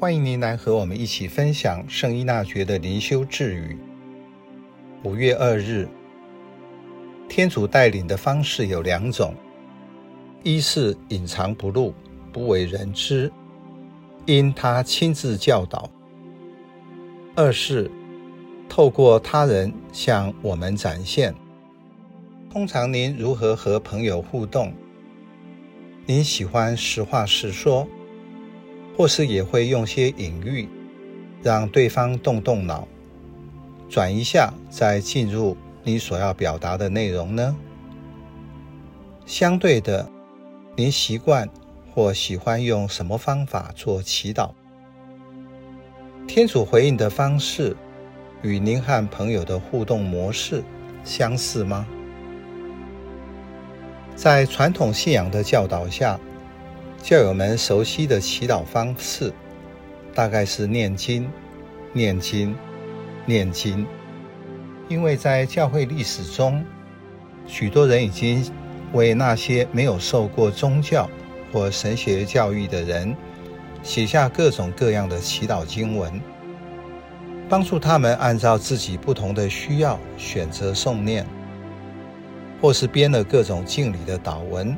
歡迎您來和我們一起分享聖依納爵的靈修智語。五月二日，天主帶領的方式有兩種：一是隱藏不露，不為人知，因他親自教導；二是透過他人向我們展現。通常您如何和朋友互動？您喜歡實話實說？或是也會用些隱喻，讓對方動動腦，轉一下，再進入你所要表達的內容呢？相對的，您習慣或喜歡用什麼方法做祈禱？天主回應的方式與您和朋友的互動模式相似嗎？在傳統信仰的教導下，教友們熟悉的祈禱方式，大概是念經、念經、念經。因為在教會歷史中，許多人已經為那些沒有受過宗教或神學教育的人寫下各種各樣的祈禱經文，幫助他們按照自己不同的需要選擇誦念，或是編了各種敬禮的禱文。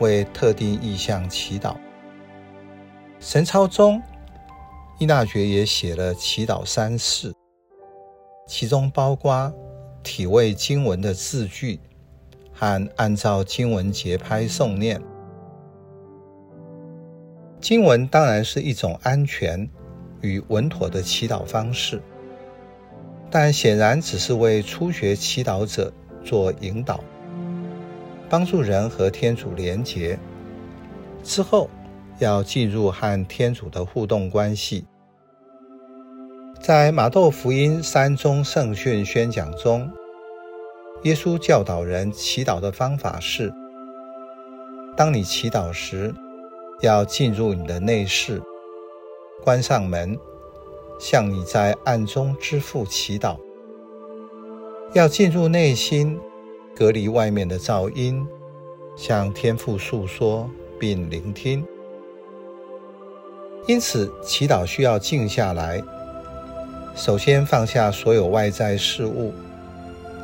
為特定意向祈禱。神操中依納爵也寫了祈禱三式，其中包括體味經文的字句和按照經文節拍誦念。經文當然是一種安全與穩妥的祈禱方式，但顯然只是為初學祈禱者做引導。幫助人和天主連結之後，要進入和天主的互動關係。在馬竇福音山中聖訓宣講中，耶穌教導人祈禱的方法是：當你祈禱時，要進入你的內室，關上門，向你在暗中之父祈禱，要進入內心。隔離外面的噪音，向天父訴說並聆聽。因此，祈禱需要靜下來。首先放下所有外在事物，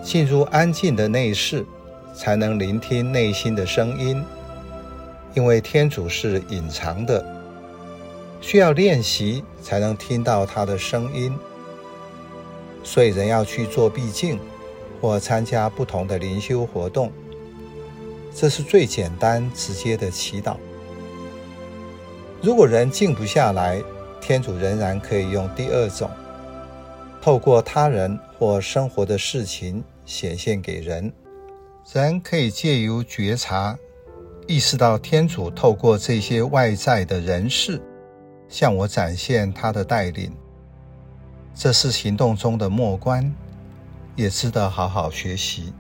進入安靜的內室，才能聆聽內心的聲音。因為天主是隱藏的，需要練習才能聽到他的聲音。所以，人要去做避靜或參加不同的靈修活動，這是最簡單直接的祈禱。如果人靜不下來，天主仍然可以用第二種，透過他人或生活的事情顯現給人。人可以借由覺察，意識到天主透過這些外在的人事，向我展現他的帶領。這是行動中的默觀。也值得好好學習。